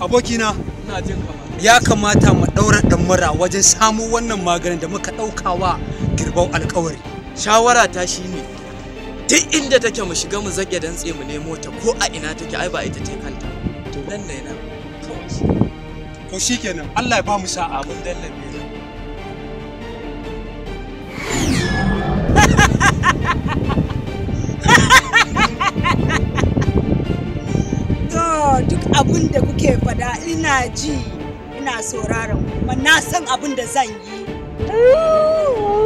abokina ya kamata mu daura damura wajen samu wannan maganin da muka wa girbau alkawari shawara ta shine duk inda take mu shiga mu zage tsaye mu nemo ta ko a ina take ai ba ita ta kanta to nan ne na to shikenan Allah ya ba mu sa'a mun dallabe duk abun da kuke fada ina ji ina sauraron kuma na san abun da zan yi.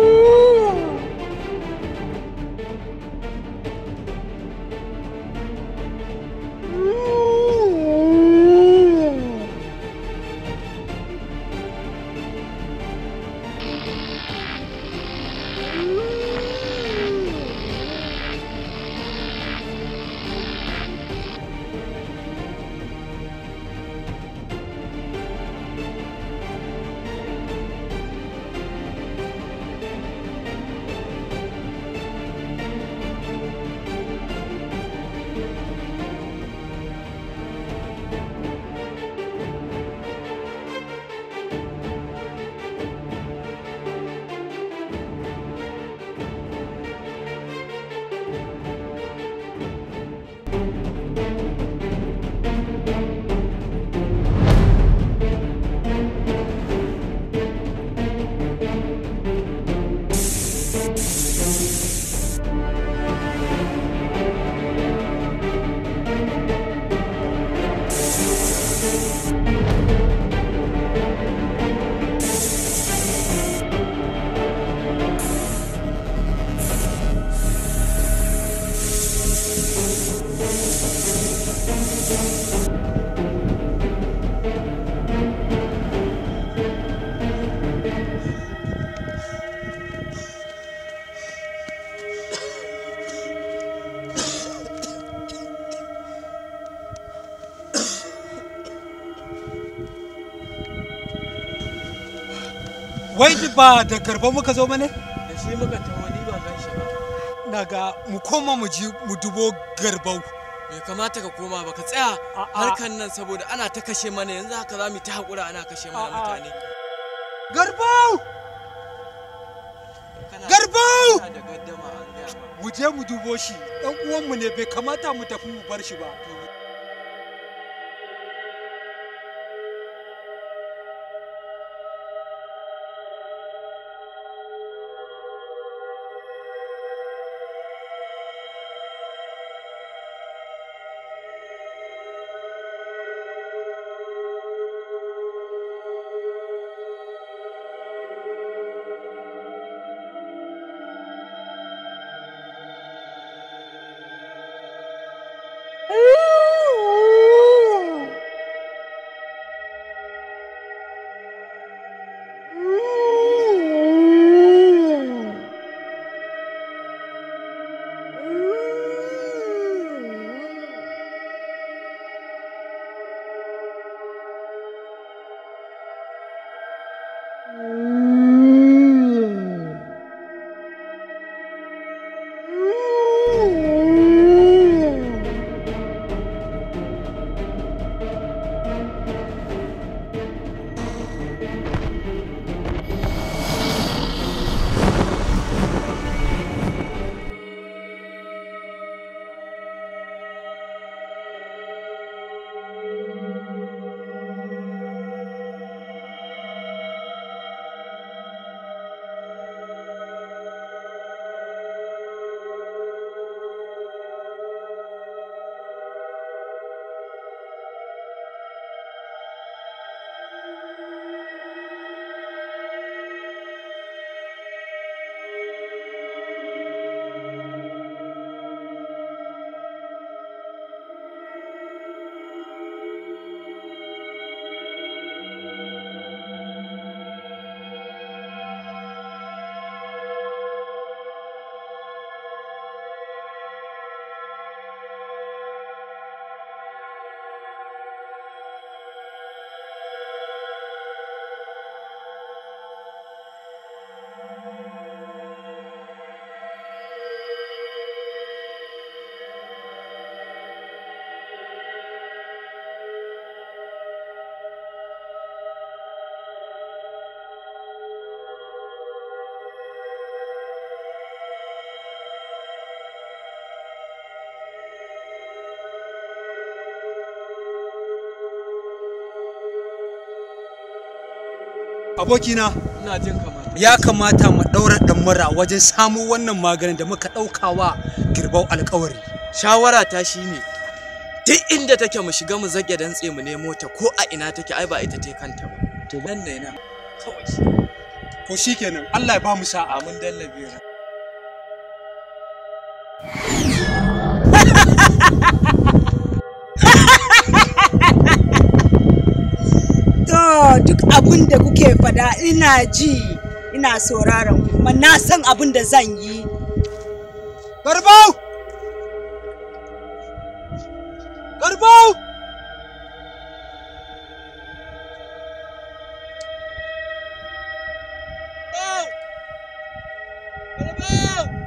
Wai ba da garba muka zo ba ne? Da shi muka tawo ni ba gan shi ba. daga mu koma mu ji mu dubo garbau. Bai kamata ka koma ba ka tsaya harkan nan saboda ana ta kashe mana yanzu haka za mu ta hakura ana kashe mana mutane. Garbau! Garbau! Mu je mu dubo shi, uwan mu ne bai kamata mu tafi mu bar shi ba. abokina ya kamata mu daura mura wajen samo wannan maganin da muka wa girbau alkawari shawara ta shine duk inda take mu shiga mu zage dantse mu nemo ta ko a ina take ai ba ita ce kanta ba to nan ne na kawai ko shikenan Allah ya ba mu sa'a mun dallabe duk abin da kuke fada ina ji ina sauraron kuma na san abin da zan yi garbau garbau Oh!